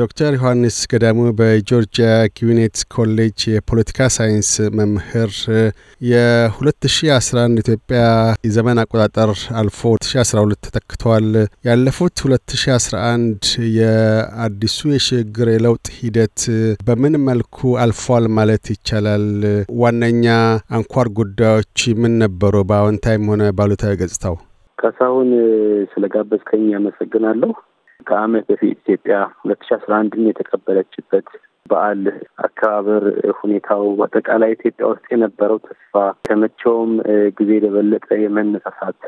ዶክተር ዮሐንስ ገዳሙ በጆርጂያ ኪዩኔት ኮሌጅ የፖለቲካ ሳይንስ መምህር፣ የ2011 ኢትዮጵያ የዘመን አቆጣጠር አልፎ 2012 ተተክተዋል። ያለፉት 2011 የአዲሱ የሽግግር የለውጥ ሂደት በምን መልኩ አልፏል ማለት ይቻላል? ዋነኛ አንኳር ጉዳዮች ምን ነበሩ? በአዎንታይም ሆነ ባሉታዊ ገጽታው። ከሳሁን ስለጋበዝከኝ ያመሰግናለሁ። ከአመት በፊት ኢትዮጵያ ሁለት ሺ አስራ አንድን የተቀበለችበት በዓል አከባበር ሁኔታው በአጠቃላይ ኢትዮጵያ ውስጥ የነበረው ተስፋ ከመቼውም ጊዜ የበለጠ የመነሳሳት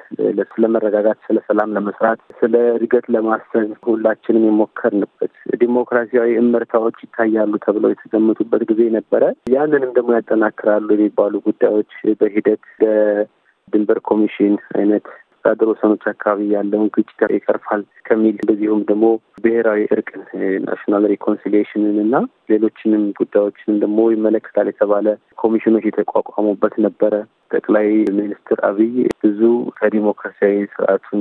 ስለመረጋጋት፣ ስለ ሰላም ለመስራት፣ ስለ እድገት ለማሰብ ሁላችንም የሞከርንበት ዲሞክራሲያዊ እመርታዎች ይታያሉ ተብለው የተገመቱበት ጊዜ ነበረ። ያንንም ደግሞ ያጠናክራሉ የሚባሉ ጉዳዮች በሂደት ድንበር ኮሚሽን አይነት አስተዳደር ወሰኖች አካባቢ ያለውን ግጭት ይቀርፋል ከሚል እንደዚሁም ደግሞ ብሔራዊ እርቅን ናሽናል ሪኮንሲሊሽንን እና ሌሎችንም ጉዳዮችንም ደግሞ ይመለከታል የተባለ ኮሚሽኖች የተቋቋሙበት ነበረ። ጠቅላይ ሚኒስትር አብይ ብዙ ከዲሞክራሲያዊ ስርዓቱን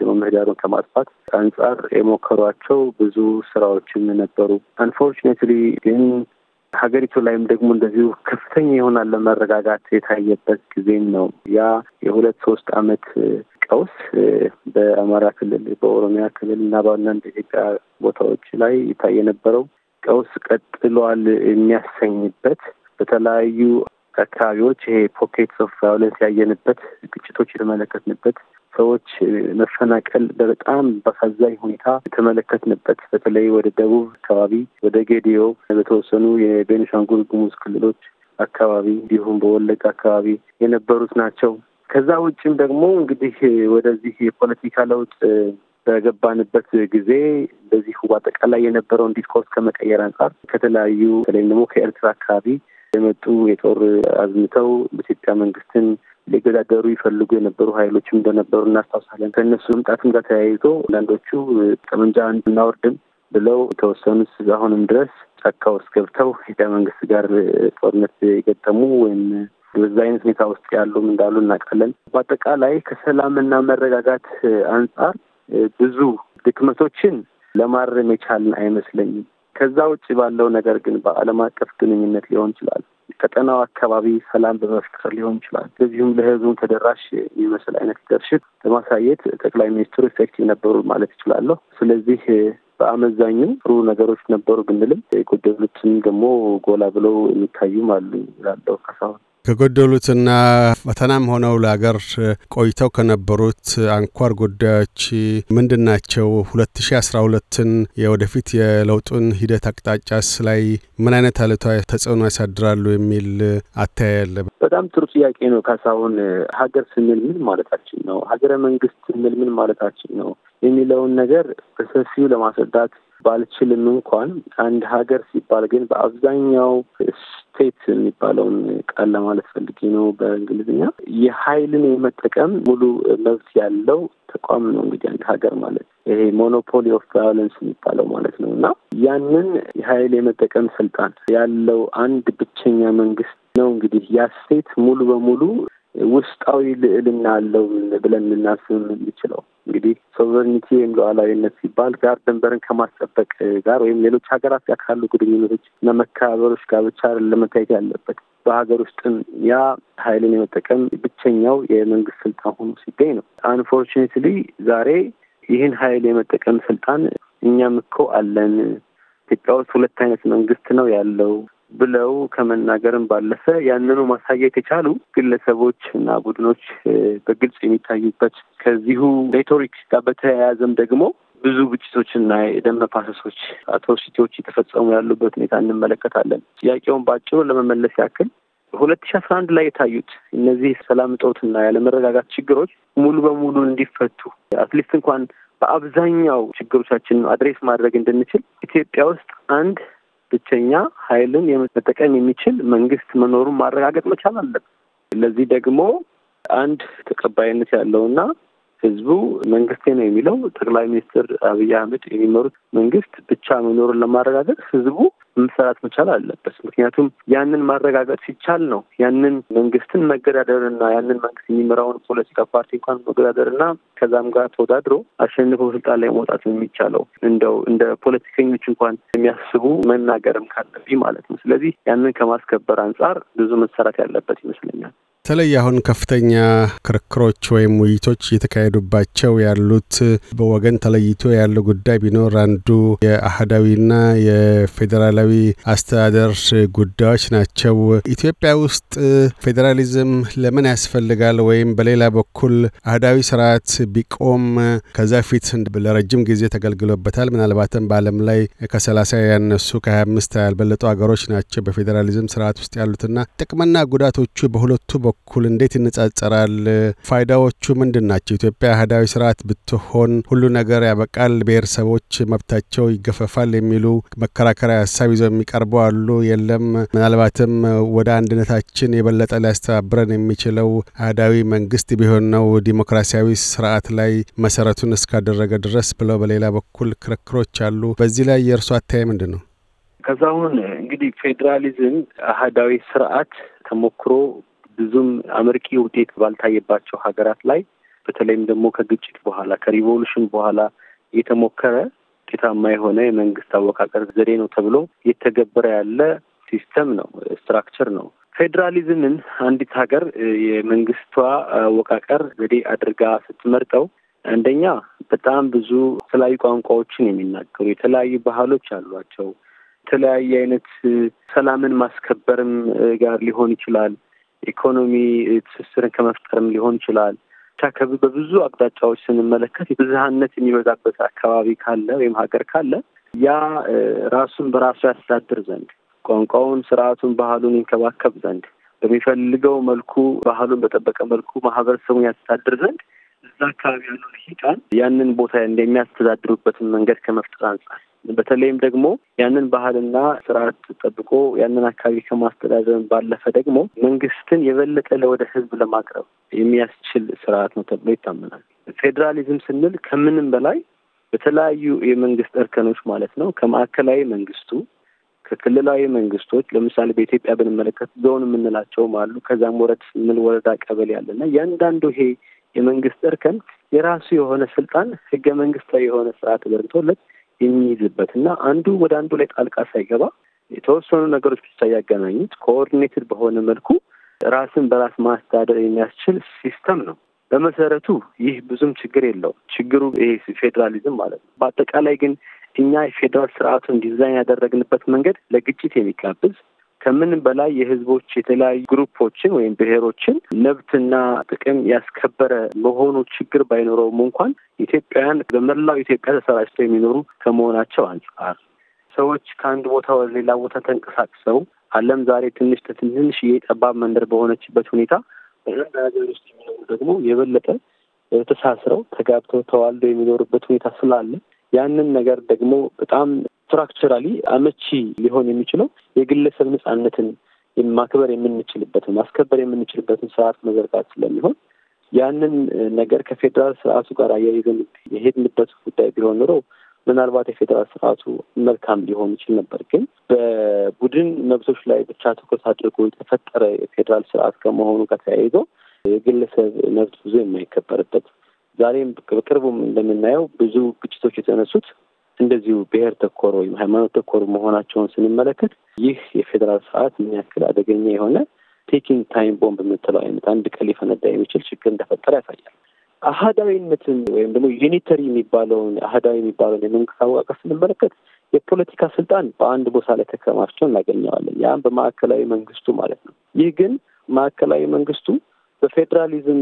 ደግሞ ምህዳሩን ከማጥፋት አንጻር የሞከሯቸው ብዙ ስራዎችም ነበሩ። አንፎርቹኔትሊ ግን ሀገሪቱ ላይም ደግሞ እንደዚሁ ከፍተኛ የሆነ አለመረጋጋት የታየበት ጊዜም ነው። ያ የሁለት ሶስት አመት ቀውስ በአማራ ክልል፣ በኦሮሚያ ክልል እና በአንዳንድ ኢትዮጵያ ቦታዎች ላይ ይታይ የነበረው ቀውስ ቀጥሏል የሚያሰኝበት በተለያዩ አካባቢዎች ይሄ ፖኬትስ ኦፍ ቫዮለንስ ያየንበት ግጭቶች የተመለከትንበት ሰዎች መፈናቀል በጣም በአሳዛኝ ሁኔታ የተመለከትንበት በተለይ ወደ ደቡብ አካባቢ ወደ ጌዲዮ በተወሰኑ የቤኒሻንጉል ጉሙዝ ክልሎች አካባቢ እንዲሁም በወለጋ አካባቢ የነበሩት ናቸው። ከዛ ውጭም ደግሞ እንግዲህ ወደዚህ የፖለቲካ ለውጥ በገባንበት ጊዜ በዚሁ በአጠቃላይ የነበረውን ዲስኮርስ ከመቀየር አንጻር ከተለያዩ በተለይም ደግሞ ከኤርትራ አካባቢ የመጡ የጦር አዝምተው በኢትዮጵያ መንግስትን ሊገዳደሩ ይፈልጉ የነበሩ ሀይሎችም እንደነበሩ እናስታውሳለን። ከእነሱ መምጣትም ጋር ተያይዞ አንዳንዶቹ ጠመንጃ እናወርድም ብለው የተወሰኑት አሁንም ድረስ ጫካ ውስጥ ገብተው ኢትዮጵያ መንግስት ጋር ጦርነት የገጠሙ ወይም በዛ አይነት ሁኔታ ውስጥ ያሉም እንዳሉ እናውቃለን። በአጠቃላይ ከሰላምና መረጋጋት አንጻር ብዙ ድክመቶችን ለማረም የቻልን አይመስለኝም። ከዛ ውጭ ባለው ነገር ግን በዓለም አቀፍ ግንኙነት ሊሆን ይችላል፣ ቀጠናው አካባቢ ሰላም በመፍጠር ሊሆን ይችላል፣ እንደዚሁም ለሕዝቡም ተደራሽ የሚመስል አይነት ሊደርሽፕ ለማሳየት ጠቅላይ ሚኒስትሩ ኢፌክቲቭ ነበሩ ማለት ይችላለሁ። ስለዚህ በአመዛኙ ጥሩ ነገሮች ነበሩ ብንልም የጎደሉትን ደግሞ ጎላ ብለው የሚታዩም አሉ ላለው ካሳሁን ከጎደሉትና ፈተናም ሆነው ለሀገር ቆይተው ከነበሩት አንኳር ጉዳዮች ምንድን ናቸው? 2012ን የወደፊት የለውጡን ሂደት አቅጣጫስ ላይ ምን አይነት አሉታዊ ተጽዕኖ ያሳድራሉ የሚል አተያይ በጣም ጥሩ ጥያቄ ነው ካሳሁን። ሀገር ስንል ምን ማለታችን ነው? ሀገረ መንግስት ስንል ምን ማለታችን ነው የሚለውን ነገር በሰፊው ለማስረዳት ባልችልም እንኳን አንድ ሀገር ሲባል ግን በአብዛኛው ስቴት የሚባለውን ቃል ለማለት ፈልጌ ነው በእንግሊዝኛ የኃይልን የመጠቀም ሙሉ መብት ያለው ተቋም ነው እንግዲህ አንድ ሀገር ማለት ይሄ ሞኖፖሊ ኦፍ ቫዮለንስ የሚባለው ማለት ነው እና ያንን የሀይል የመጠቀም ስልጣን ያለው አንድ ብቸኛ መንግስት ነው እንግዲህ ያ ስቴት ሙሉ በሙሉ ውስጣዊ ልዕልና አለው ብለን ልናስብ የምንችለው እንግዲህ ሶቨሬኒቲ ወይም ሉዓላዊነት ሲባል ጋር ድንበርን ከማስጠበቅ ጋር ወይም ሌሎች ሀገራት ጋር ካሉ ግንኙነቶች እና መከባበሮች ጋር ብቻ ለመታየት ያለበት በሀገር ውስጥም ያ ኃይልን የመጠቀም ብቸኛው የመንግስት ስልጣን ሆኖ ሲገኝ ነው። አንፎርችኔትሊ ዛሬ ይህን ኃይል የመጠቀም ስልጣን እኛም እኮ አለን። ኢትዮጵያ ውስጥ ሁለት አይነት መንግስት ነው ያለው ብለው ከመናገርም ባለፈ ያንኑ ማሳየት የቻሉ ግለሰቦች እና ቡድኖች በግልጽ የሚታዩበት ከዚሁ ሬቶሪክ ጋር በተያያዘም ደግሞ ብዙ ግጭቶች እና የደም መፋሰሶች አትሮሲቲዎች የተፈጸሙ ያሉበት ሁኔታ እንመለከታለን። ጥያቄውን በአጭሩ ለመመለስ ያክል ሁለት ሺ አስራ አንድ ላይ የታዩት እነዚህ ሰላም እጦትና ያለመረጋጋት ችግሮች ሙሉ በሙሉ እንዲፈቱ አትሊስት እንኳን በአብዛኛው ችግሮቻችንን አድሬስ ማድረግ እንድንችል ኢትዮጵያ ውስጥ አንድ ብቸኛ ኃይልን መጠቀም የሚችል መንግስት መኖሩን ማረጋገጥ መቻል አለብን። ለዚህ ደግሞ አንድ ተቀባይነት ያለውና ህዝቡ መንግስቴ ነው የሚለው ጠቅላይ ሚኒስትር አብይ አህመድ የሚመሩት መንግስት ብቻ መኖሩን ለማረጋገጥ ህዝቡ መሰራት መቻል አለበት። ምክንያቱም ያንን ማረጋገጥ ሲቻል ነው ያንን መንግስትን መገዳደርና ያንን መንግስት የሚመራውን ፖለቲካ ፓርቲ እንኳን መገዳደርና ከዛም ጋር ተወዳድሮ አሸንፎ ስልጣን ላይ መውጣት የሚቻለው እንደው እንደ ፖለቲከኞች እንኳን የሚያስቡ መናገርም ካለብኝ ማለት ነው። ስለዚህ ያንን ከማስከበር አንጻር ብዙ መሰራት ያለበት ይመስለኛል። በተለይ አሁን ከፍተኛ ክርክሮች ወይም ውይይቶች እየተካሄዱባቸው ያሉት በወገን ተለይቶ ያለ ጉዳይ ቢኖር አንዱ የአህዳዊና የፌዴራላዊ አስተዳደር ጉዳዮች ናቸው። ኢትዮጵያ ውስጥ ፌዴራሊዝም ለምን ያስፈልጋል? ወይም በሌላ በኩል አህዳዊ ስርዓት ቢቆም ከዛ ፊት ለረጅም ጊዜ ተገልግሎበታል። ምናልባትም በዓለም ላይ ከሰላሳ ያነሱ ከሀያ አምስት ያልበለጡ ሀገሮች ናቸው በፌዴራሊዝም ስርዓት ውስጥ ያሉትና ጥቅምና ጉዳቶቹ በሁለቱ በኩል እንዴት ይነጻጸራል? ፋይዳዎቹ ምንድን ናቸው? ኢትዮጵያ አህዳዊ ስርዓት ብትሆን ሁሉ ነገር ያበቃል፣ ብሔረሰቦች መብታቸው ይገፈፋል የሚሉ መከራከሪያ ሀሳብ ይዘው የሚቀርቡ አሉ። የለም ምናልባትም ወደ አንድነታችን የበለጠ ሊያስተባብረን የሚችለው አህዳዊ መንግስት ቢሆን ነው ዲሞክራሲያዊ ስርዓት ላይ መሰረቱን እስካደረገ ድረስ ብለው በሌላ በኩል ክርክሮች አሉ። በዚህ ላይ የእርሱ አታይ ምንድን ነው? ከዛሁን እንግዲህ ፌዴራሊዝም አህዳዊ ስርዓት ተሞክሮ ብዙም አመርቂ ውጤት ባልታየባቸው ሀገራት ላይ በተለይም ደግሞ ከግጭት በኋላ ከሪቮሉሽን በኋላ የተሞከረ ውጤታማ የሆነ የመንግስት አወቃቀር ዘዴ ነው ተብሎ የተገበረ ያለ ሲስተም ነው፣ ስትራክቸር ነው። ፌዴራሊዝምን አንዲት ሀገር የመንግስቷ አወቃቀር ዘዴ አድርጋ ስትመርጠው አንደኛ በጣም ብዙ የተለያዩ ቋንቋዎችን የሚናገሩ የተለያዩ ባህሎች አሏቸው። የተለያየ አይነት ሰላምን ማስከበርም ጋር ሊሆን ይችላል ኢኮኖሚ ትስስርን ከመፍጠርም ሊሆን ይችላል። ብቻ በብዙ አቅጣጫዎች ስንመለከት የብዝሃነት የሚበዛበት አካባቢ ካለ ወይም ሀገር ካለ ያ ራሱን በራሱ ያስተዳድር ዘንድ ቋንቋውን፣ ስርዓቱን፣ ባህሉን ይንከባከብ ዘንድ በሚፈልገው መልኩ ባህሉን በጠበቀ መልኩ ማህበረሰቡን ያስተዳድር ዘንድ እዛ አካባቢ ያሉ ልሂቃን ያንን ቦታ እንደሚያስተዳድሩበትን መንገድ ከመፍጠር አንጻር በተለይም ደግሞ ያንን ባህልና ስርዓት ጠብቆ ያንን አካባቢ ከማስተዳደር ባለፈ ደግሞ መንግስትን የበለጠ ለወደ ህዝብ ለማቅረብ የሚያስችል ስርዓት ነው ተብሎ ይታመናል። ፌዴራሊዝም ስንል ከምንም በላይ በተለያዩ የመንግስት እርከኖች ማለት ነው ከማዕከላዊ መንግስቱ ከክልላዊ መንግስቶች ለምሳሌ በኢትዮጵያ ብንመለከት ዞን የምንላቸውም አሉ። ከዛም ወረድ ስንል ወረዳ፣ ቀበሌ ያለና እያንዳንዱ ይሄ የመንግስት እርከን የራሱ የሆነ ስልጣን ህገ መንግስታዊ የሆነ ስርዓት ተደርግቶለት የሚይዝበት እና አንዱ ወደ አንዱ ላይ ጣልቃ ሳይገባ የተወሰኑ ነገሮች ብቻ ያገናኙት ኮኦርዲኔትድ በሆነ መልኩ ራስን በራስ ማስተዳደር የሚያስችል ሲስተም ነው። በመሰረቱ ይህ ብዙም ችግር የለውም። ችግሩ ይሄ ፌዴራሊዝም ማለት ነው። በአጠቃላይ ግን እኛ የፌዴራል ስርዓቱን ዲዛይን ያደረግንበት መንገድ ለግጭት የሚጋብዝ ከምንም በላይ የህዝቦች የተለያዩ ግሩፖችን ወይም ብሔሮችን መብትና ጥቅም ያስከበረ መሆኑ ችግር ባይኖረውም እንኳን ኢትዮጵያውያን በመላው ኢትዮጵያ ተሰራጭተው የሚኖሩ ከመሆናቸው አንጻር ሰዎች ከአንድ ቦታ ወደ ሌላ ቦታ ተንቀሳቅሰው ዓለም ዛሬ ትንሽ ትንሽ ጠባብ መንደር በሆነችበት ሁኔታ በአንድ ሀገር ውስጥ የሚኖሩ ደግሞ የበለጠ ተሳስረው ተጋብተው ተዋልደው የሚኖሩበት ሁኔታ ስላለ ያንን ነገር ደግሞ በጣም ስትራክቸራሊ አመቺ ሊሆን የሚችለው የግለሰብ ነጻነትን ማክበር የምንችልበትን ማስከበር የምንችልበትን ስርዓት መዘርጋት ስለሚሆን ያንን ነገር ከፌዴራል ስርዓቱ ጋር አያይዘን የሄድንበት ጉዳይ ቢሆን ኖሮ ምናልባት የፌዴራል ስርዓቱ መልካም ሊሆን ይችል ነበር። ግን በቡድን መብቶች ላይ ብቻ ትኩረት አድርጎ የተፈጠረ የፌዴራል ስርዓት ከመሆኑ ጋር ተያይዞ የግለሰብ መብት ብዙ የማይከበርበት ዛሬም በቅርቡም እንደምናየው ብዙ ግጭቶች የተነሱት እንደዚሁ ብሔር ተኮር ወይም ሃይማኖት ተኮር መሆናቸውን ስንመለከት ይህ የፌዴራል ስርዓት ምን ያክል አደገኛ የሆነ ቴኪንግ ታይም ቦምብ የምትለው አይነት አንድ ቀን ሊፈነዳ የሚችል ችግር እንደፈጠረ ያሳያል። አህዳዊነትን ወይም ደግሞ ዩኒተሪ የሚባለውን አህዳዊ የሚባለውን የመንግስት አወቃቀር ስንመለከት የፖለቲካ ስልጣን በአንድ ቦታ ላይ ተከማችቶ እናገኘዋለን። ያም በማዕከላዊ መንግስቱ ማለት ነው። ይህ ግን ማዕከላዊ መንግስቱ በፌዴራሊዝም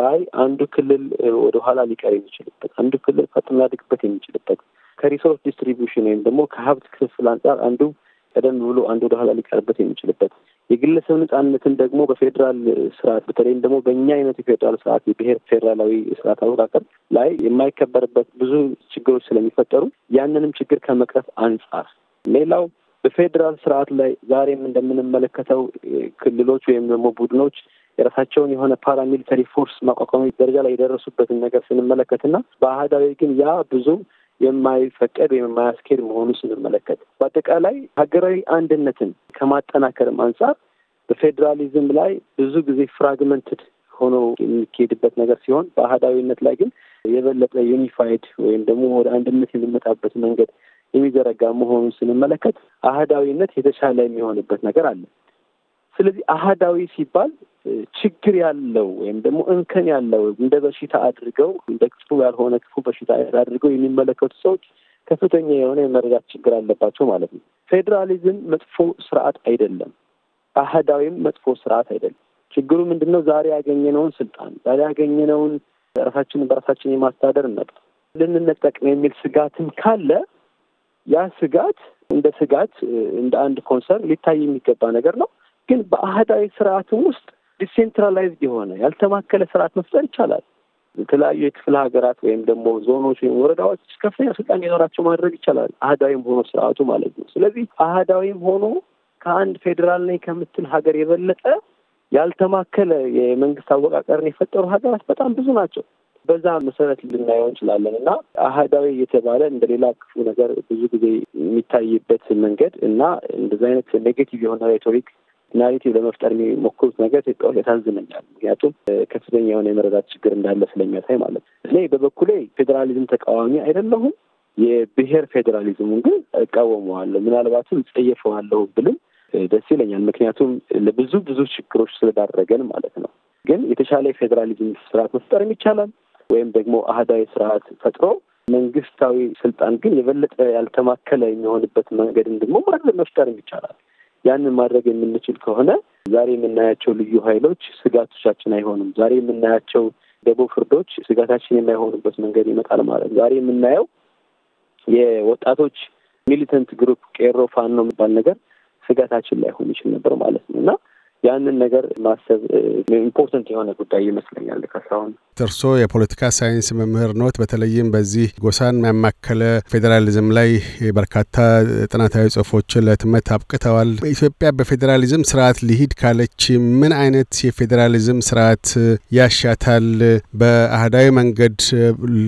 ላይ አንዱ ክልል ወደኋላ ሊቀር የሚችልበት፣ አንዱ ክልል ፈጥ ሊያድግበት የሚችልበት ከሪሶርስ ዲስትሪቢሽን ወይም ደግሞ ከሀብት ክፍፍል አንጻር አንዱ ቀደም ብሎ አንዱ ወደኋላ ሊቀርበት የሚችልበት የግለሰብ ነጻነትን ደግሞ በፌዴራል ስርዓት በተለይም ደግሞ በእኛ አይነት የፌዴራል ስርዓት የብሔር ፌዴራላዊ ስርዓት አወቃቀር ላይ የማይከበርበት ብዙ ችግሮች ስለሚፈጠሩ ያንንም ችግር ከመቅረፍ አንጻር ሌላው በፌዴራል ስርዓት ላይ ዛሬም እንደምንመለከተው ክልሎች ወይም ደግሞ ቡድኖች የራሳቸውን የሆነ ፓራሚሊተሪ ፎርስ ማቋቋሚ ደረጃ ላይ የደረሱበትን ነገር ስንመለከትና በአህዳዊ ግን ያ ብዙ የማይፈቀድ ወይም የማያስኬድ መሆኑ ስንመለከት በአጠቃላይ ሀገራዊ አንድነትን ከማጠናከርም አንጻር በፌዴራሊዝም ላይ ብዙ ጊዜ ፍራግመንትድ ሆኖ የሚካሄድበት ነገር ሲሆን በአህዳዊነት ላይ ግን የበለጠ ዩኒፋይድ ወይም ደግሞ ወደ አንድነት የሚመጣበት መንገድ የሚዘረጋ መሆኑን ስንመለከት አህዳዊነት የተሻለ የሚሆንበት ነገር አለ። ስለዚህ አህዳዊ ሲባል ችግር ያለው ወይም ደግሞ እንከን ያለው እንደ በሽታ አድርገው እንደ ክፉ ያልሆነ ክፉ በሽታ አድርገው የሚመለከቱ ሰዎች ከፍተኛ የሆነ የመረዳት ችግር አለባቸው ማለት ነው። ፌዴራሊዝም መጥፎ ስርዓት አይደለም። አህዳዊም መጥፎ ስርዓት አይደለም። ችግሩ ምንድን ነው? ዛሬ ያገኘነውን ስልጣን ዛሬ ያገኘነውን ራሳችንን በራሳችን የማስተዳደር መብት ልንነጠቅ የሚል ስጋትም ካለ ያ ስጋት እንደ ስጋት እንደ አንድ ኮንሰርን ሊታይ የሚገባ ነገር ነው። ግን በአህዳዊ ስርዓትም ውስጥ ዲሴንትራላይዝድ የሆነ ያልተማከለ ስርዓት መፍጠር ይቻላል። የተለያዩ የክፍለ ሀገራት ወይም ደግሞ ዞኖች ወይም ወረዳዎች ከፍተኛ ስልጣን ሊኖራቸው ማድረግ ይቻላል። አህዳዊም ሆኖ ስርዓቱ ማለት ነው። ስለዚህ አህዳዊም ሆኖ ከአንድ ፌዴራል ነኝ ከምትል ሀገር የበለጠ ያልተማከለ የመንግስት አወቃቀርን የፈጠሩ ሀገራት በጣም ብዙ ናቸው። በዛ መሰረት ልናየው እንችላለን እና አህዳዊ እየተባለ እንደ ሌላ ክፉ ነገር ብዙ ጊዜ የሚታይበት መንገድ እና እንደዚ አይነት ኔጌቲቭ የሆነ ሬቶሪክ ናሬቲቭ ለመፍጠር የሚሞክሩት ነገር ኢትዮጵያ ውስጥ ያሳዝነኛል። ምክንያቱም ከፍተኛ የሆነ የመረዳት ችግር እንዳለ ስለሚያሳይ ማለት ነው። እኔ በበኩሌ ፌዴራሊዝም ተቃዋሚ አይደለሁም። የብሔር ፌዴራሊዝሙን ግን እቃወመዋለሁ፣ ምናልባትም ጸየፈዋለሁ ብልም ደስ ይለኛል። ምክንያቱም ለብዙ ብዙ ችግሮች ስለዳረገን ማለት ነው። ግን የተሻለ የፌዴራሊዝም ስርዓት መፍጠርም ይቻላል። ወይም ደግሞ አህዳዊ ስርዓት ፈጥሮ መንግስታዊ ስልጣን ግን የበለጠ ያልተማከለ የሚሆንበት መንገድን ደግሞ ማድረግ መፍጠርም ይቻላል። ያንን ማድረግ የምንችል ከሆነ ዛሬ የምናያቸው ልዩ ኃይሎች ስጋቶቻችን አይሆኑም። ዛሬ የምናያቸው ደቦ ፍርዶች ስጋታችን የማይሆኑበት መንገድ ይመጣል ማለት ነው። ዛሬ የምናየው የወጣቶች ሚሊተንት ግሩፕ ቄሮ ፋኖ የሚባል ነገር ስጋታችን ላይሆን ይችል ነበር ማለት ነው እና ያንን ነገር ማሰብ ኢምፖርተንት የሆነ ጉዳይ ይመስለኛል። ከሳሁን እርሶ የፖለቲካ ሳይንስ መምህር ኖት። በተለይም በዚህ ጎሳን ያማከለ ፌዴራሊዝም ላይ በርካታ ጥናታዊ ጽሁፎችን ለህትመት አብቅተዋል። ኢትዮጵያ በፌዴራሊዝም ስርዓት ሊሂድ ካለች ምን አይነት የፌዴራሊዝም ስርዓት ያሻታል? በአህዳዊ መንገድ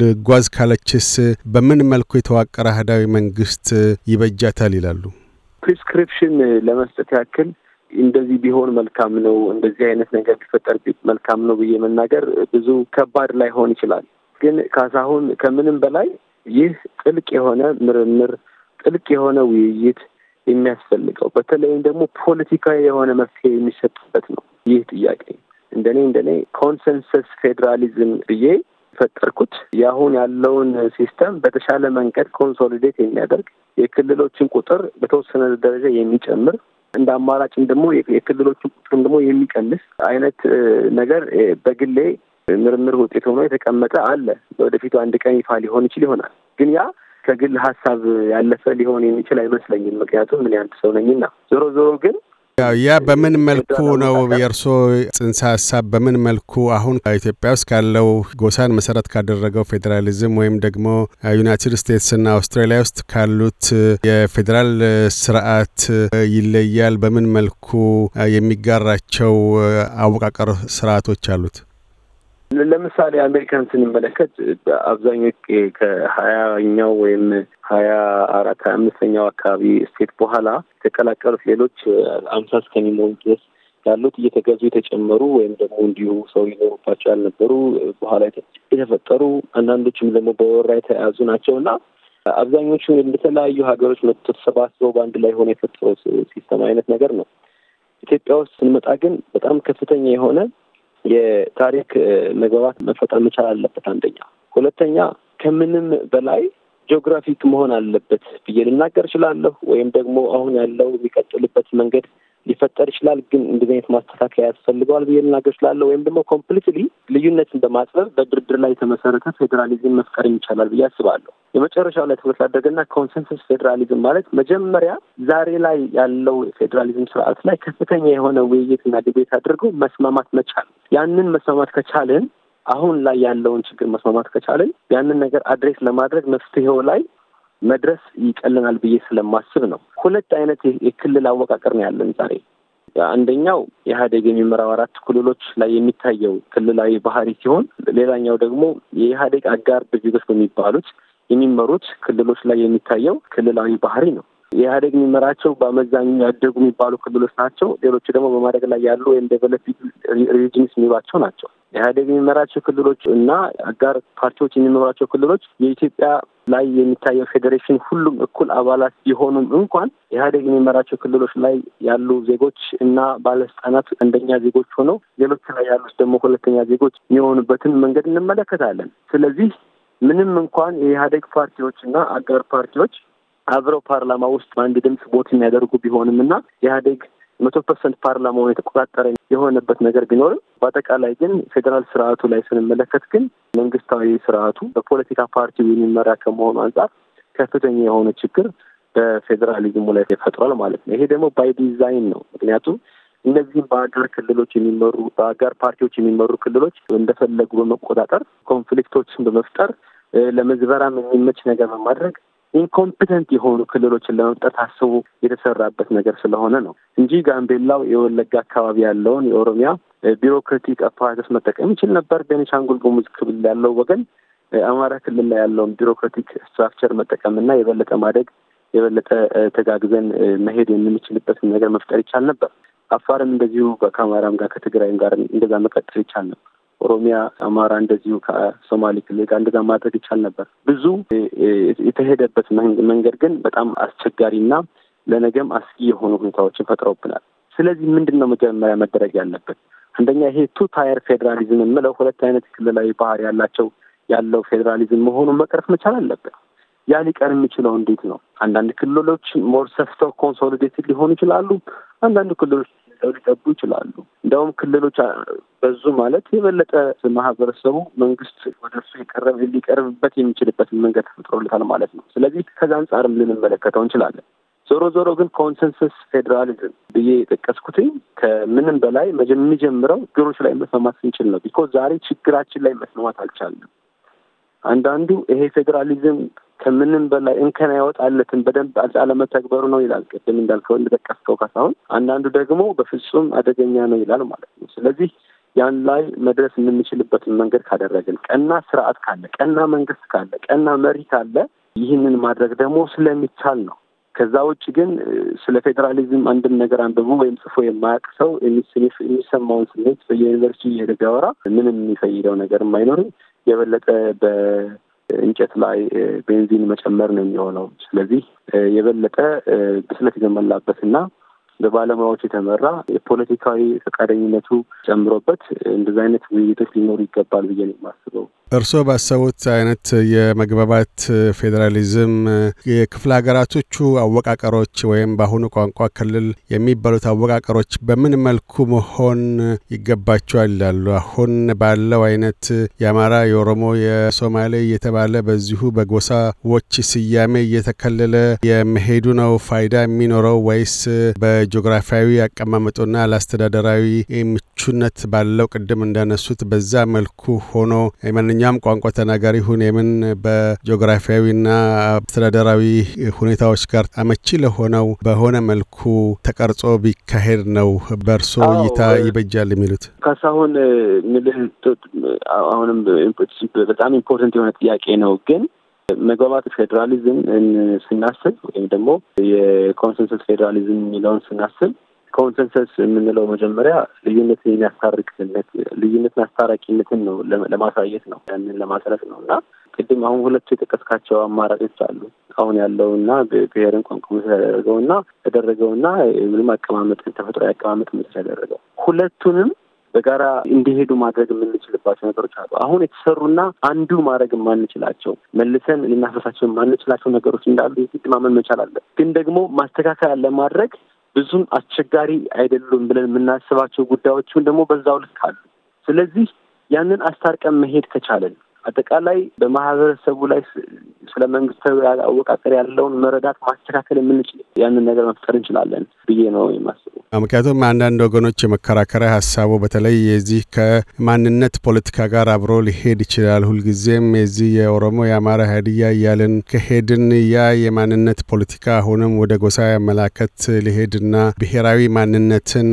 ልጓዝ ካለችስ በምን መልኩ የተዋቀረ አህዳዊ መንግስት ይበጃታል ይላሉ? ፕሪስክሪፕሽን ለመስጠት ያክል እንደዚህ ቢሆን መልካም ነው፣ እንደዚህ አይነት ነገር ቢፈጠር መልካም ነው ብዬ መናገር ብዙ ከባድ ላይሆን ይችላል። ግን ካሳሁን ከምንም በላይ ይህ ጥልቅ የሆነ ምርምር፣ ጥልቅ የሆነ ውይይት የሚያስፈልገው በተለይም ደግሞ ፖለቲካዊ የሆነ መፍትሄ የሚሰጥበት ነው። ይህ ጥያቄ እንደኔ እንደኔ ኮንሰንሰስ ፌዴራሊዝም ብዬ የፈጠርኩት የአሁን ያለውን ሲስተም በተሻለ መንገድ ኮንሶሊዴት የሚያደርግ የክልሎችን ቁጥር በተወሰነ ደረጃ የሚጨምር እንደ አማራጭም ደግሞ የክልሎቹ ቁጥርም ደግሞ የሚቀንስ አይነት ነገር በግሌ ምርምር ውጤት ሆኖ የተቀመጠ አለ። ወደፊቱ አንድ ቀን ይፋ ሊሆን ይችል ይሆናል። ግን ያ ከግል ሀሳብ ያለፈ ሊሆን የሚችል አይመስለኝም። ምክንያቱም ምን ያንድ ሰው ነኝና ዞሮ ዞሮ ግን ያ በምን መልኩ ነው የእርስዎ ጽንሰ ሀሳብ በምን መልኩ አሁን ኢትዮጵያ ውስጥ ካለው ጎሳን መሰረት ካደረገው ፌዴራሊዝም ወይም ደግሞ ዩናይትድ ስቴትስ እና አውስትራሊያ ውስጥ ካሉት የፌዴራል ስርዓት ይለያል? በምን መልኩ የሚጋራቸው አወቃቀር ስርዓቶች አሉት? ለምሳሌ አሜሪካን ስንመለከት አብዛኞቹ ከሀያኛው ወይም ሀያ አራት ሀያ አምስተኛው አካባቢ ስቴት በኋላ የተቀላቀሉት ሌሎች አምሳ እስከሚሞሉ ድረስ ያሉት እየተገዙ የተጨመሩ ወይም ደግሞ እንዲሁ ሰው ይኖሩባቸው ያልነበሩ በኋላ የተፈጠሩ አንዳንዶችም ደግሞ በወራ የተያዙ ናቸው እና አብዛኞቹ እንደተለያዩ ሀገሮች መጥቶ ተሰባስበው በአንድ ላይ ሆነ የፈጠሩት ሲስተም አይነት ነገር ነው። ኢትዮጵያ ውስጥ ስንመጣ ግን በጣም ከፍተኛ የሆነ የታሪክ መግባባት መፈጠር መቻል አለበት። አንደኛ፣ ሁለተኛ ከምንም በላይ ጂኦግራፊክ መሆን አለበት ብዬ ልናገር እችላለሁ። ወይም ደግሞ አሁን ያለው የሚቀጥልበት መንገድ ሊፈጠር ይችላል። ግን እንደዚህ አይነት ማስተካከያ ያስፈልገዋል ብዬ ልናገር እችላለሁ። ወይም ደግሞ ኮምፕሊትሊ ልዩነትን በማጥበብ በድርድር ላይ የተመሰረተ ፌዴራሊዝም መፍጠር ይቻላል ብዬ አስባለሁ። የመጨረሻው ላይ ትኩረት ላደረገና ኮንሰንሰስ ፌዴራሊዝም ማለት መጀመሪያ ዛሬ ላይ ያለው የፌዴራሊዝም ስርዓት ላይ ከፍተኛ የሆነ ውይይትና ዲቤት አድርገው መስማማት መቻል። ያንን መስማማት ከቻልን አሁን ላይ ያለውን ችግር መስማማት ከቻልን ያንን ነገር አድሬስ ለማድረግ መፍትሄው ላይ መድረስ ይቀልናል ብዬ ስለማስብ ነው። ሁለት አይነት የክልል አወቃቀር ነው ያለን ዛሬ። አንደኛው ኢህአዴግ የሚመራው አራት ክልሎች ላይ የሚታየው ክልላዊ ባህሪ ሲሆን፣ ሌላኛው ደግሞ የኢህአዴግ አጋር ድርጅቶች በሚባሉት የሚመሩት ክልሎች ላይ የሚታየው ክልላዊ ባህሪ ነው። ኢህአዴግ የሚመራቸው በአመዛኙ ያደጉ የሚባሉ ክልሎች ናቸው። ሌሎቹ ደግሞ በማደግ ላይ ያሉ ወይም ዴቨሎፒንግ ሪጅንስ የሚሏቸው ናቸው። ኢህአዴግ የሚመራቸው ክልሎች እና አጋር ፓርቲዎች የሚመሯቸው ክልሎች የኢትዮጵያ ላይ የሚታየው ፌዴሬሽን ሁሉም እኩል አባላት ቢሆኑም እንኳን ኢህአዴግ የሚመራቸው ክልሎች ላይ ያሉ ዜጎች እና ባለስልጣናት አንደኛ ዜጎች ሆነው ሌሎች ላይ ያሉት ደግሞ ሁለተኛ ዜጎች የሆኑበትን መንገድ እንመለከታለን። ስለዚህ ምንም እንኳን የኢህአዴግ ፓርቲዎች እና አጋር ፓርቲዎች አብረው ፓርላማ ውስጥ በአንድ ድምፅ ቦት የሚያደርጉ ቢሆንም እና ኢህአዴግ መቶ ፐርሰንት ፓርላማውን የተቆጣጠረ የሆነበት ነገር ቢኖርም በአጠቃላይ ግን ፌዴራል ስርዓቱ ላይ ስንመለከት ግን መንግስታዊ ስርዓቱ በፖለቲካ ፓርቲው የሚመራ ከመሆኑ አንጻር ከፍተኛ የሆነ ችግር በፌዴራሊዝሙ ላይ ተፈጥሯል ማለት ነው። ይሄ ደግሞ ባይ ዲዛይን ነው። ምክንያቱም እነዚህም በአጋር ክልሎች የሚመሩ በአጋር ፓርቲዎች የሚመሩ ክልሎች እንደፈለጉ በመቆጣጠር ኮንፍሊክቶችን በመፍጠር ለመዝበራም የሚመች ነገር በማድረግ ኢንኮምፒተንት የሆኑ ክልሎችን ለመፍጠር ታስቦ የተሰራበት ነገር ስለሆነ ነው እንጂ ጋምቤላው የወለጋ አካባቢ ያለውን የኦሮሚያ ቢሮክራቲክ አፓራተስ መጠቀም ይችል ነበር። ቤኒሻንጉል ጉሙዝ ክልል ያለው ወገን አማራ ክልል ላይ ያለውን ቢሮክራቲክ ስትራክቸር መጠቀምና የበለጠ ማደግ የበለጠ ተጋግዘን መሄድ የምንችልበትን ነገር መፍጠር ይቻል ነበር። አፋርም እንደዚሁ ከአማራም ጋር ከትግራይም ጋር እንደዛ መቀጠል ይቻል ነበር። ኦሮሚያ፣ አማራ እንደዚሁ ከሶማሌ ክልል ጋር እንደዛ ማድረግ ይቻል ነበር። ብዙ የተሄደበት መንገድ ግን በጣም አስቸጋሪና ለነገም አስጊ የሆኑ ሁኔታዎችን ፈጥረውብናል። ስለዚህ ምንድን ነው መጀመሪያ መደረግ ያለበት? አንደኛ ይሄ ቱ ታየር ፌዴራሊዝም የምለው ሁለት አይነት ክልላዊ ባህሪ ያላቸው ያለው ፌዴራሊዝም መሆኑን መቅረፍ መቻል አለበት። ያ ሊቀር የሚችለው እንዴት ነው? አንዳንድ ክልሎች ሞር ሰፍተው ኮንሶሊዴትድ ሊሆኑ ይችላሉ። አንዳንድ ክልሎች መጠው ሊጠቡ ይችላሉ። እንደውም ክልሎች በዙ ማለት የበለጠ ማህበረሰቡ መንግስት ወደ እሱ የቀረብ ሊቀርብበት የሚችልበትን መንገድ ተፈጥሮለታል ማለት ነው። ስለዚህ ከዛ አንጻርም ልንመለከተው እንችላለን። ዞሮ ዞሮ ግን ኮንሰንሰስ ፌዴራሊዝም ብዬ የጠቀስኩት ከምንም በላይ የሚጀምረው ችግሮች ላይ መስማማት ስንችል ነው። ቢኮዝ ዛሬ ችግራችን ላይ መስማማት አልቻልንም። አንዳንዱ ይሄ ፌዴራሊዝም ከምንም በላይ እንከን ያወጣለትን በደንብ አለመተግበሩ ነው ይላል። ቅድም እንዳልከው እንደጠቀስከው ካሳሁን፣ አንዳንዱ ደግሞ በፍጹም አደገኛ ነው ይላል ማለት ነው። ስለዚህ ያን ላይ መድረስ የምንችልበትን መንገድ ካደረግን፣ ቀና ስርዓት ካለ፣ ቀና መንግስት ካለ፣ ቀና መሪ ካለ ይህንን ማድረግ ደግሞ ስለሚቻል ነው። ከዛ ውጭ ግን ስለ ፌዴራሊዝም አንድም ነገር አንብቦ ወይም ጽፎ የማያውቅ ሰው የሚሰማውን ስሜት በየዩኒቨርሲቲ እየሄደ ቢያወራ ምንም የሚፈይደው ነገርም አይኖርም። የበለጠ በእንጨት ላይ ቤንዚን መጨመር ነው የሚሆነው። ስለዚህ የበለጠ ብስለት የተሞላበትና በባለሙያዎች የተመራ የፖለቲካዊ ፈቃደኝነቱ ጨምሮበት እንደዚ አይነት ውይይቶች ሊኖሩ ይገባል ብዬ ነው የማስበው። እርስዎ ባሰቡት አይነት የመግባባት ፌዴራሊዝም የክፍለ ሀገራቶቹ አወቃቀሮች ወይም በአሁኑ ቋንቋ ክልል የሚባሉት አወቃቀሮች በምን መልኩ መሆን ይገባቸዋል ይላሉ? አሁን ባለው አይነት የአማራ፣ የኦሮሞ፣ የሶማሌ እየተባለ በዚሁ በጎሳዎች ስያሜ እየተከለለ የመሄዱ ነው ፋይዳ የሚኖረው ወይስ በጂኦግራፊያዊ አቀማመጡና ለአስተዳደራዊ ምቹነት ባለው ቅድም እንዳነሱት በዛ መልኩ ሆኖ የማንኛ በእኛም ቋንቋ ተናጋሪ ሁን የምን በጂኦግራፊያዊና አስተዳደራዊ ሁኔታዎች ጋር አመቺ ለሆነው በሆነ መልኩ ተቀርጾ ቢካሄድ ነው በእርሶ እይታ ይበጃል የሚሉት? ካሳሁን ምልህ አሁንም በጣም ኢምፖርተንት የሆነ ጥያቄ ነው ግን መግባባት ፌዴራሊዝም ስናስብ ወይም ደግሞ የኮንሰንሰስ ፌዴራሊዝም የሚለውን ስናስብ ኮንሰንሰስ የምንለው መጀመሪያ ልዩነት የሚያስታርቅነት ልዩነትን አስታራቂነትን ነው ለማሳየት ነው ያንን ለማሰረት ነው እና ቅድም አሁን ሁለቱ የጠቀስካቸው አማራጮች አሉ። አሁን ያለውና ብሔርን ቋንቋ መሰረት ተደረገው እና ምንም አቀማመጥን ተፈጥሮ አቀማመጥ መሰረት ያደረገው ሁለቱንም በጋራ እንዲሄዱ ማድረግ የምንችልባቸው ነገሮች አሉ። አሁን የተሰሩና አንዱ ማድረግ የማንችላቸው መልሰን ልናፈሳቸው የማንችላቸው ነገሮች እንዳሉ የግድ ማመን መቻል አለ። ግን ደግሞ ማስተካከያ ለማድረግ ብዙም አስቸጋሪ አይደሉም ብለን የምናስባቸው ጉዳዮችም ደግሞ በዛው ልክ አሉ። ስለዚህ ያንን አስታርቀን መሄድ ከቻለን አጠቃላይ በማህበረሰቡ ላይ ስለ መንግስታዊ አወቃቀር ያለውን መረዳት ማስተካከል የምንችል ያንን ነገር መፍጠር እንችላለን ብዬ ነው የማስበው። ምክንያቱም አንዳንድ ወገኖች የመከራከሪያ ሀሳቡ በተለይ የዚህ ከማንነት ፖለቲካ ጋር አብሮ ሊሄድ ይችላል። ሁልጊዜም የዚህ የኦሮሞ የአማራ፣ ሀዲያ እያልን ከሄድን ያ የማንነት ፖለቲካ አሁንም ወደ ጎሳ ያመላከት ሊሄድና ብሔራዊ ማንነትን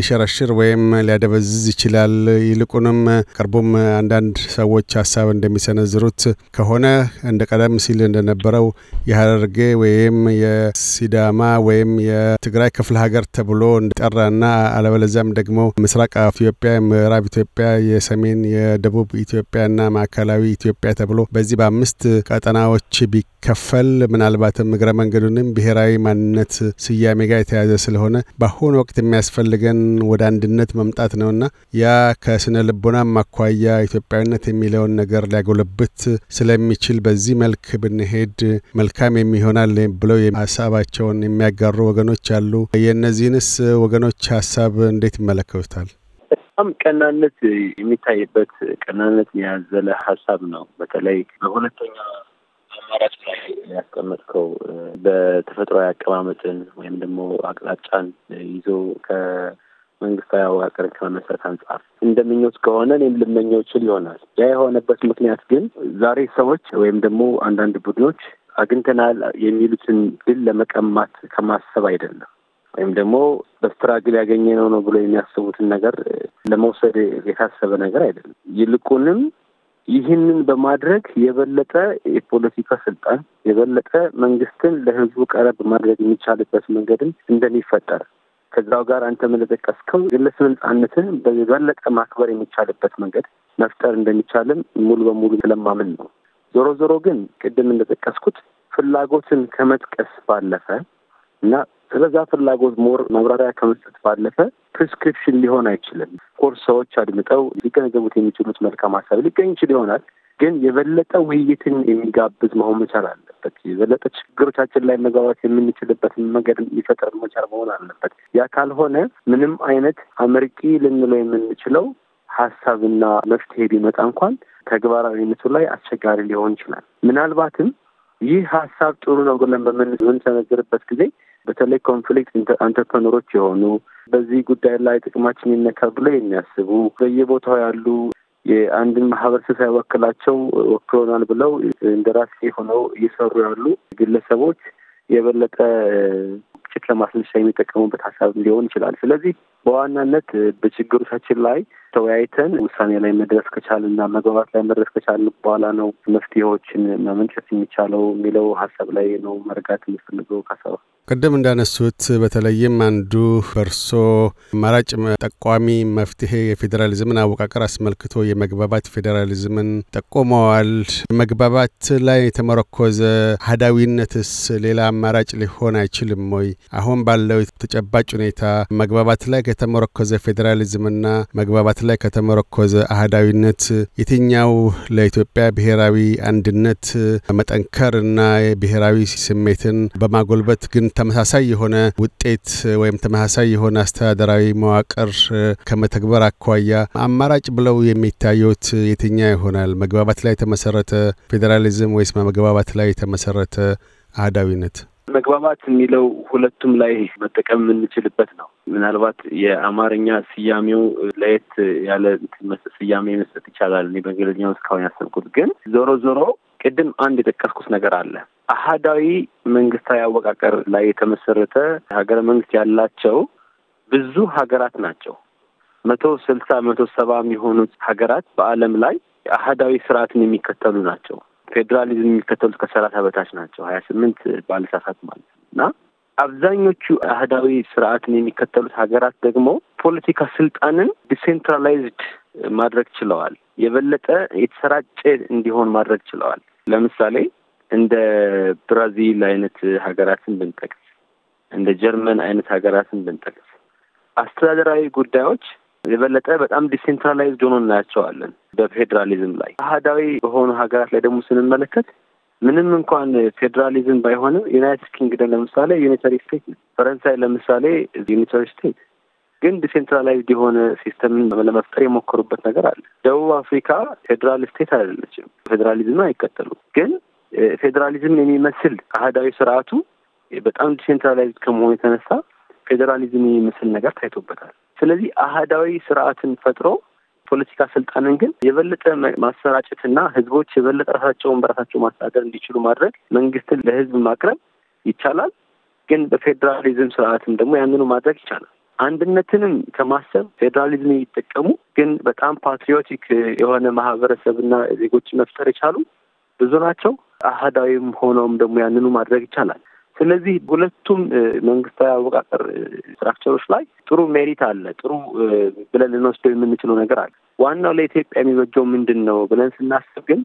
ሊሸረሽር ወይም ሊያደበዝዝ ይችላል። ይልቁንም ቅርቡም አንዳንድ ሰዎች ሀሳብ ሀሳብ እንደሚሰነዝሩት ከሆነ እንደ ቀደም ሲል እንደነበረው የሀረርጌ ወይም የሲዳማ ወይም የትግራይ ክፍለ ሀገር ተብሎ እንዲጠራና አለበለዚያም ደግሞ ምስራቅ ኢትዮጵያ፣ ምዕራብ ኢትዮጵያ፣ የሰሜን የደቡብ ኢትዮጵያና ማዕከላዊ ኢትዮጵያ ተብሎ በዚህ በአምስት ቀጠናዎች ቢከፈል ምናልባትም እግረ መንገዱንም ብሔራዊ ማንነት ስያሜ ጋር የተያዘ ስለሆነ በአሁኑ ወቅት የሚያስፈልገን ወደ አንድነት መምጣት ነውና ያ ከስነ ልቦናም አኳያ ኢትዮጵያዊነት የሚለውን ነገር ነገር ሊያጎለብት ስለሚችል በዚህ መልክ ብንሄድ መልካም የሚሆናል ብለው ሀሳባቸውን የሚያጋሩ ወገኖች አሉ። የእነዚህንስ ወገኖች ሀሳብ እንዴት ይመለከቱታል? በጣም ቀናነት የሚታይበት ቀናነት ያዘለ ሀሳብ ነው። በተለይ በሁለተኛ አማራጭ ላይ ያስቀመጥከው በተፈጥሯዊ አቀማመጥን ወይም ደግሞ አቅጣጫን ይዞ ከ መንግስታዊ አወቃቀርን ከመመስረት አንጻር እንደ ምኞት ከሆነ እኔም ልመኘው ችል ይሆናል። ያ የሆነበት ምክንያት ግን ዛሬ ሰዎች ወይም ደግሞ አንዳንድ ቡድኖች አግኝተናል የሚሉትን ድል ለመቀማት ከማሰብ አይደለም ወይም ደግሞ በስትራግል ያገኘ ነው ብሎ የሚያስቡትን ነገር ለመውሰድ የታሰበ ነገር አይደለም። ይልቁንም ይህንን በማድረግ የበለጠ የፖለቲካ ስልጣን የበለጠ መንግስትን ለህዝቡ ቀረብ ማድረግ የሚቻልበት መንገድም እንደሚፈጠር ከዛው ጋር አንተ እንደጠቀስከው ግለሰብ ነጻነትን በበለጠ ማክበር የሚቻልበት መንገድ መፍጠር እንደሚቻልም ሙሉ በሙሉ ስለማምን ነው። ዞሮ ዞሮ ግን ቅድም እንደጠቀስኩት ፍላጎትን ከመጥቀስ ባለፈ እና ስለዛ ፍላጎት ሞር ማብራሪያ ከመስጠት ባለፈ ፕሪስክሪፕሽን ሊሆን አይችልም። ፎር ሰዎች አድምጠው ሊገነዘቡት የሚችሉት መልካም ሀሳብ ሊገኝ ይችል ይሆናል ግን የበለጠ ውይይትን የሚጋብዝ መሆን መቻል አለበት። የበለጠ ችግሮቻችን ላይ መግባባት የምንችልበትን መንገድ ይፈጠር መቻል መሆን አለበት። ያ ካልሆነ ምንም አይነት አመርቂ ልንለው የምንችለው ሀሳብና መፍትሄ ቢመጣ እንኳን ተግባራዊነቱ ላይ አስቸጋሪ ሊሆን ይችላል። ምናልባትም ይህ ሀሳብ ጥሩ ነው ብለን በምንሰነዝርበት ጊዜ በተለይ ኮንፍሊክት አንተርፕረነሮች የሆኑ በዚህ ጉዳይ ላይ ጥቅማችን ይነካል ብሎ የሚያስቡ በየቦታው ያሉ የአንድን ማህበረሰብ ሳይወክላቸው ወክሎናል ብለው እንደራሴ ሆነው እየሰሩ ያሉ ግለሰቦች የበለጠ ግጭት ለማስነሻ የሚጠቀሙበት ሀሳብ ሊሆን ይችላል። ስለዚህ በዋናነት በችግሮቻችን ላይ ተወያይተን ውሳኔ ላይ መድረስ ከቻልና መግባባት ላይ መድረስ ከቻልን በኋላ ነው መፍትሄዎችን መመንጨት የሚቻለው የሚለው ሀሳብ ላይ ነው መርጋት የሚፈልገው። ካሳባ ቅድም እንዳነሱት በተለይም አንዱ በርሶ አማራጭ ጠቋሚ መፍትሄ የፌዴራሊዝምን አወቃቀር አስመልክቶ የመግባባት ፌዴራሊዝምን ጠቁመዋል። መግባባት ላይ የተመረኮዘ አህዳዊነትስ ሌላ አማራጭ ሊሆን አይችልም ወይ? አሁን ባለው ተጨባጭ ሁኔታ መግባባት ላይ የተመረኮዘ ፌዴራሊዝምና መግባባት ላይ ከተመረኮዘ አህዳዊነት የትኛው ለኢትዮጵያ ብሔራዊ አንድነት መጠንከርና ብሔራዊ ስሜትን በማጎልበት ግን ተመሳሳይ የሆነ ውጤት ወይም ተመሳሳይ የሆነ አስተዳደራዊ መዋቅር ከመተግበር አኳያ አማራጭ ብለው የሚታዩት የትኛ ይሆናል? መግባባት ላይ የተመሰረተ ፌዴራሊዝም ወይስ መግባባት ላይ የተመሰረተ አህዳዊነት? መግባባት የሚለው ሁለቱም ላይ መጠቀም የምንችልበት ነው። ምናልባት የአማርኛ ስያሜው ለየት ያለ ስያሜ መስጠት ይቻላል። እኔ በእንግሊዝኛው እስካሁን ያሰብኩት ግን ዞሮ ዞሮ ቅድም አንድ የጠቀስኩት ነገር አለ። አህዳዊ መንግስታዊ አወቃቀር ላይ የተመሰረተ ሀገረ መንግስት ያላቸው ብዙ ሀገራት ናቸው። መቶ ስልሳ መቶ ሰባ የሚሆኑት ሀገራት በዓለም ላይ አህዳዊ ስርዓትን የሚከተሉ ናቸው። ፌዴራሊዝም የሚከተሉት ከሰላሳ በታች ናቸው። ሀያ ስምንት ባለሳሳት ማለት ነው እና አብዛኞቹ አህዳዊ ስርዓትን የሚከተሉት ሀገራት ደግሞ ፖለቲካ ስልጣንን ዲሴንትራላይዝድ ማድረግ ችለዋል። የበለጠ የተሰራጨ እንዲሆን ማድረግ ችለዋል። ለምሳሌ እንደ ብራዚል አይነት ሀገራትን ብንጠቅስ፣ እንደ ጀርመን አይነት ሀገራትን ብንጠቅስ አስተዳደራዊ ጉዳዮች የበለጠ በጣም ዲሴንትራላይዝድ ሆኖ እናያቸዋለን። በፌዴራሊዝም ላይ አህዳዊ በሆኑ ሀገራት ላይ ደግሞ ስንመለከት ምንም እንኳን ፌዴራሊዝም ባይሆንም ዩናይትድ ኪንግደም ለምሳሌ ዩኒተሪ ስቴት ነው። ፈረንሳይ ለምሳሌ ዩኒተሪ ስቴት ግን ዲሴንትራላይዝድ የሆነ ሲስተምን ለመፍጠር የሞከሩበት ነገር አለ። ደቡብ አፍሪካ ፌዴራል ስቴት አይደለችም። ፌዴራሊዝም አይከተሉም። ግን ፌዴራሊዝም የሚመስል አህዳዊ ስርዓቱ በጣም ዲሴንትራላይዝድ ከመሆኑ የተነሳ ፌዴራሊዝም የሚመስል ነገር ታይቶበታል። ስለዚህ አህዳዊ ስርዓትን ፈጥሮ ፖለቲካ ስልጣንን ግን የበለጠ ማሰራጨትና ህዝቦች የበለጠ ራሳቸውን በራሳቸው ማስተዳደር እንዲችሉ ማድረግ መንግስትን ለህዝብ ማቅረብ ይቻላል። ግን በፌዴራሊዝም ስርዓትም ደግሞ ያንኑ ማድረግ ይቻላል። አንድነትንም ከማሰብ ፌዴራሊዝም የሚጠቀሙ ግን በጣም ፓትሪዮቲክ የሆነ ማህበረሰብና ዜጎች መፍጠር የቻሉ ብዙ ናቸው። አህዳዊም ሆነውም ደግሞ ያንኑ ማድረግ ይቻላል። ስለዚህ ሁለቱም መንግስታዊ አወቃቀር ስትራክቸሮች ላይ ጥሩ ሜሪት አለ፣ ጥሩ ብለን ልንወስደው የምንችለው ነገር አለ። ዋናው ለኢትዮጵያ የሚበጀው ምንድን ነው ብለን ስናስብ ግን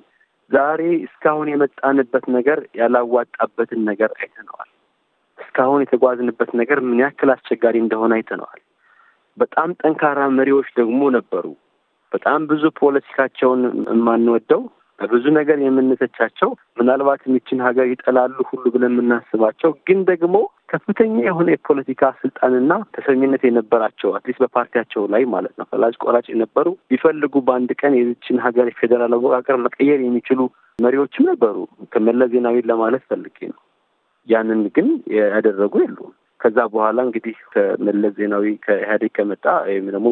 ዛሬ እስካሁን የመጣንበት ነገር ያላዋጣበትን ነገር አይተነዋል። እስካሁን የተጓዝንበት ነገር ምን ያክል አስቸጋሪ እንደሆነ አይተነዋል። በጣም ጠንካራ መሪዎች ደግሞ ነበሩ። በጣም ብዙ ፖለቲካቸውን የማንወደው በብዙ ነገር የምንተቻቸው ምናልባት የሚችን ሀገር ይጠላሉ ሁሉ ብለን የምናስባቸው ግን ደግሞ ከፍተኛ የሆነ የፖለቲካ ስልጣንና ተሰሚነት የነበራቸው አትሊስት በፓርቲያቸው ላይ ማለት ነው ፈላጭ ቆራጭ የነበሩ ቢፈልጉ በአንድ ቀን የዚችን ሀገር የፌዴራል አወቃቀር መቀየር የሚችሉ መሪዎችም ነበሩ። ከመለስ ዜናዊ ለማለት ፈልጌ ነው። ያንን ግን ያደረጉ የሉም። ከዛ በኋላ እንግዲህ ከመለስ ዜናዊ ከኢህአዴግ ከመጣ ወይም ደግሞ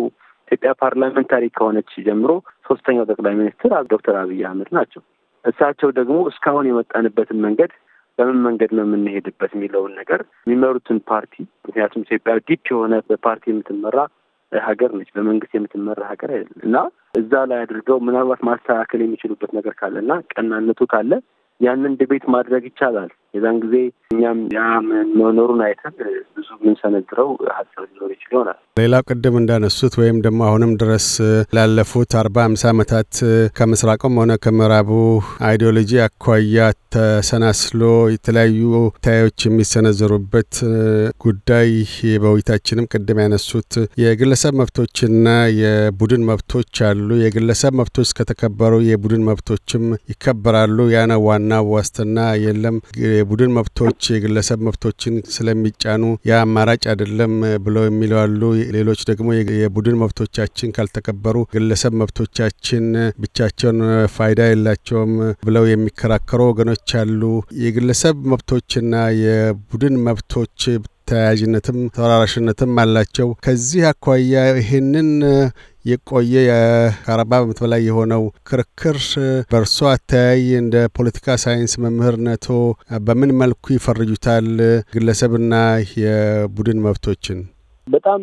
ኢትዮጵያ ፓርላመንታሪ ከሆነች ጀምሮ ሶስተኛው ጠቅላይ ሚኒስትር ዶክተር አብይ አህመድ ናቸው። እሳቸው ደግሞ እስካሁን የመጣንበትን መንገድ በምን መንገድ ነው የምንሄድበት የሚለውን ነገር የሚመሩትን ፓርቲ ምክንያቱም ኢትዮጵያ ዲፕ የሆነ በፓርቲ የምትመራ ሀገር ነች፣ በመንግስት የምትመራ ሀገር አይደለም እና እዛ ላይ አድርገው ምናልባት ማስተካከል የሚችሉበት ነገር ካለ እና ቀናነቱ ካለ ያንን ድቤት ማድረግ ይቻላል። የዛን ጊዜ እኛም ያ መኖሩን አይተን ብዙ የምንሰነድረው ሀሳብ ሊኖር ይችል ይሆናል። ሌላው ቅድም እንዳነሱት ወይም ደግሞ አሁንም ድረስ ላለፉት አርባ ሃምሳ ዓመታት ከምስራቁም ሆነ ከምዕራቡ አይዲዮሎጂ አኳያ ተሰናስሎ የተለያዩ ታዮች የሚሰነዘሩበት ጉዳይ በውይይታችንም ቅድም ያነሱት የግለሰብ መብቶችና የቡድን መብቶች አሉ። የግለሰብ መብቶች ከተከበሩ የቡድን መብቶችም ይከበራሉ። ያነ ዋና ዋስትና የለም የቡድን መብቶች የግለሰብ መብቶችን ስለሚጫኑ ያ አማራጭ አይደለም ብለው የሚለው አሉ። ሌሎች ደግሞ የቡድን መብቶቻችን ካልተከበሩ ግለሰብ መብቶቻችን ብቻቸውን ፋይዳ የላቸውም ብለው የሚከራከሩ ወገኖች አሉ። የግለሰብ መብቶችና የቡድን መብቶች ተያያዥነትም ተወራራሽነትም አላቸው። ከዚህ አኳያ ይህንን የቆየ የካራባህ በመተው በላይ የሆነው ክርክር በእርሶ አተያይ እንደ ፖለቲካ ሳይንስ መምህርነቶ በምን መልኩ ይፈርጁታል? ግለሰብና የቡድን መብቶችን። በጣም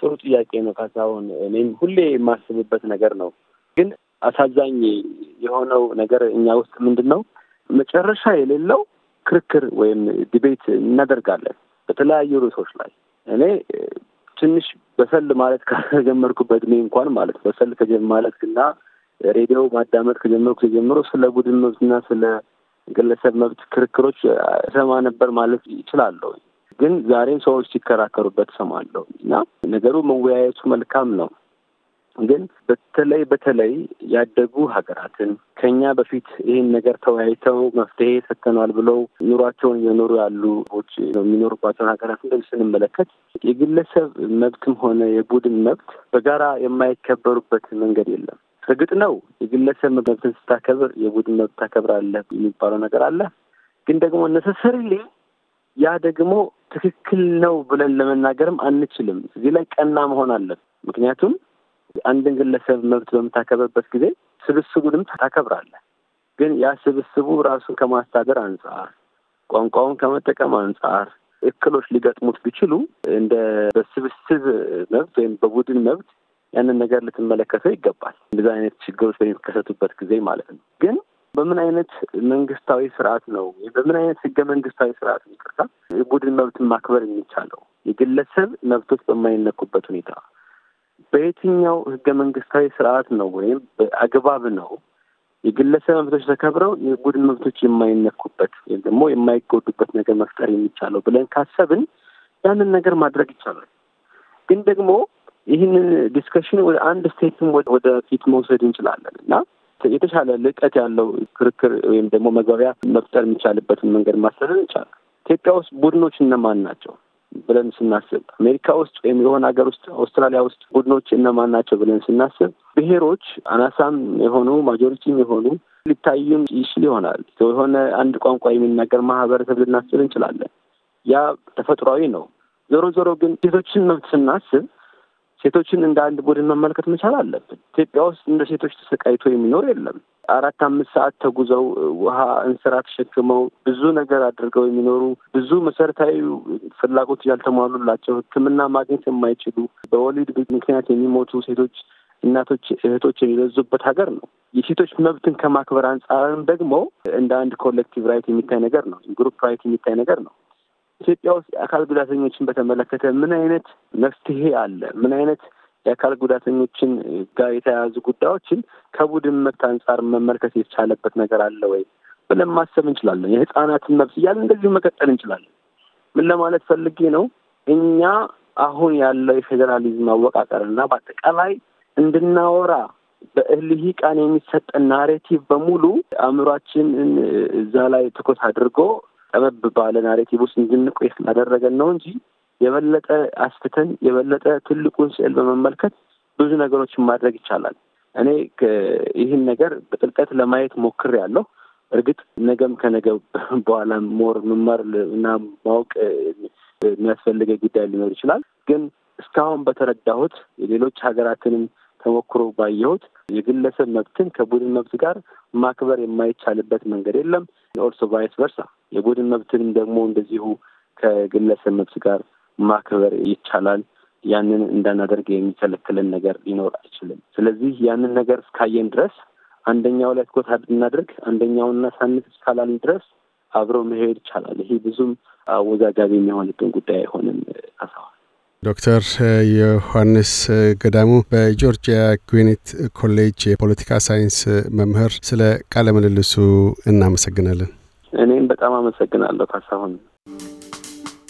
ጥሩ ጥያቄ ነው ካሳሁን። እኔም ሁሌ የማስብበት ነገር ነው። ግን አሳዛኝ የሆነው ነገር እኛ ውስጥ ምንድን ነው መጨረሻ የሌለው ክርክር ወይም ዲቤት እናደርጋለን በተለያዩ ርዕሶች ላይ እኔ ትንሽ በሰል ማለት ከጀመርኩበት እድሜ እንኳን ማለት በሰል ማለት እና ሬዲዮ ማዳመጥ ከጀመርኩ ጀምሮ ስለ ቡድን መብትና ስለ ግለሰብ መብት ክርክሮች እሰማ ነበር ማለት ይችላለሁ። ግን ዛሬም ሰዎች ሲከራከሩበት እሰማለሁ እና ነገሩ መወያየቱ መልካም ነው። ግን በተለይ በተለይ ያደጉ ሀገራትን ከኛ በፊት ይህን ነገር ተወያይተው መፍትሄ ሰጥተናል ብለው ኑሯቸውን እየኖሩ ያሉ ቦች የሚኖሩባቸውን ሀገራት እንደዚህ ስንመለከት የግለሰብ መብትም ሆነ የቡድን መብት በጋራ የማይከበሩበት መንገድ የለም። እርግጥ ነው የግለሰብ መብትን ስታከብር የቡድን መብት ታከብራለህ የሚባለው ነገር አለ። ግን ደግሞ ነሰሰሪሊ ያ ደግሞ ትክክል ነው ብለን ለመናገርም አንችልም። እዚህ ላይ ቀና መሆን አለን። ምክንያቱም አንድን ግለሰብ መብት በምታከብርበት ጊዜ ስብስቡንም ታከብራለህ። ግን ያ ስብስቡ ራሱን ከማስታገር አንጻር፣ ቋንቋውን ከመጠቀም አንጻር እክሎች ሊገጥሙት ቢችሉ እንደ በስብስብ መብት ወይም በቡድን መብት ያንን ነገር ልትመለከተው ይገባል። እንደዚ አይነት ችግሮች በሚከሰቱበት ጊዜ ማለት ነው። ግን በምን አይነት መንግስታዊ ስርዓት ነው በምን አይነት ህገ መንግስታዊ ስርዓት ይቅርታ፣ ቡድን መብትን ማክበር የሚቻለው የግለሰብ መብቶች በማይነኩበት ሁኔታ በየትኛው ህገ መንግስታዊ ስርዓት ነው ወይም አግባብ ነው የግለሰብ መብቶች ተከብረው የቡድን መብቶች የማይነኩበት ወይም ደግሞ የማይጎዱበት ነገር መፍጠር የሚቻለው ብለን ካሰብን ያንን ነገር ማድረግ ይቻላል። ግን ደግሞ ይህንን ዲስከሽን ወደ አንድ ስቴትም ወደ ፊት መውሰድ እንችላለን እና የተሻለ ልቀት ያለው ክርክር ወይም ደግሞ መግባቢያ መፍጠር የሚቻልበትን መንገድ ማሰብን ይቻላል። ኢትዮጵያ ውስጥ ቡድኖች እነማን ናቸው? ብለን ስናስብ አሜሪካ ውስጥ ወይም የሆነ ሀገር ውስጥ አውስትራሊያ ውስጥ ቡድኖች እነማን ናቸው ብለን ስናስብ ብሔሮች አናሳም የሆኑ ማጆሪቲም የሆኑ ሊታዩም ይችል ይሆናል። የሆነ አንድ ቋንቋ የሚናገር ማህበረሰብ ልናስብ እንችላለን። ያ ተፈጥሯዊ ነው። ዞሮ ዞሮ ግን ሴቶችን መብት ስናስብ ሴቶችን እንደ አንድ ቡድን መመልከት መቻል አለብን። ኢትዮጵያ ውስጥ እንደ ሴቶች ተሰቃይቶ የሚኖር የለም። አራት አምስት ሰዓት ተጉዘው ውሃ እንስራ ተሸክመው ብዙ ነገር አድርገው የሚኖሩ ብዙ መሰረታዊ ፍላጎት ያልተሟሉላቸው ሕክምና ማግኘት የማይችሉ በወሊድ ምክንያት የሚሞቱ ሴቶች እናቶች፣ እህቶች የሚበዙበት ሀገር ነው። የሴቶች መብትን ከማክበር አንጻርም ደግሞ እንደ አንድ ኮሌክቲቭ ራይት የሚታይ ነገር ነው። ግሩፕ ራይት የሚታይ ነገር ነው። ኢትዮጵያ ውስጥ የአካል ጉዳተኞችን በተመለከተ ምን አይነት መፍትሄ አለ? ምን አይነት የአካል ጉዳተኞችን ጋር የተያያዙ ጉዳዮችን ከቡድን መብት አንጻር መመልከት የተቻለበት ነገር አለ ወይ ብለን ማሰብ እንችላለን። የህፃናትን መብት እያለ እንደዚሁ መቀጠል እንችላለን። ምን ለማለት ፈልጌ ነው? እኛ አሁን ያለው የፌዴራሊዝም አወቃቀር እና በአጠቃላይ እንድናወራ በልሂቃን የሚሰጠን ናሬቲቭ በሙሉ አእምሯችንን እዛ ላይ ትኩረት አድርጎ ጠበብ ባለ ናሬቲቭ ውስጥ እንድንቆይ ስላደረገን ነው እንጂ የበለጠ አስፍተን የበለጠ ትልቁን ስዕል በመመልከት ብዙ ነገሮችን ማድረግ ይቻላል። እኔ ይህን ነገር በጥልቀት ለማየት ሞክር ያለው እርግጥ ነገም ከነገ በኋላ ሞር መማር እና ማወቅ የሚያስፈልገ ጉዳይ ሊኖር ይችላል። ግን እስካሁን በተረዳሁት የሌሎች ሀገራትንም ተሞክሮ ባየሁት የግለሰብ መብትን ከቡድን መብት ጋር ማክበር የማይቻልበት መንገድ የለም። ኦልሶ ቫይስ ቨርሳ የቡድን መብትንም ደግሞ እንደዚሁ ከግለሰብ መብት ጋር ማክበር ይቻላል። ያንን እንዳናደርግ የሚከለክልን ነገር ሊኖር አይችልም። ስለዚህ ያንን ነገር እስካየን ድረስ አንደኛው ላይ ትኩረት እናድርግ፣ አንደኛውና ሳንት እስካላልን ድረስ አብረው መሄድ ይቻላል። ይሄ ብዙም አወዛጋቢ የሚሆንብን ጉዳይ አይሆንም። አሳዋል ዶክተር ዮሐንስ ገዳሙ በጆርጂያ ግዊኒት ኮሌጅ የፖለቲካ ሳይንስ መምህር፣ ስለ ቃለ ምልልሱ እናመሰግናለን። እኔም በጣም አመሰግናለሁ ካሳሁን።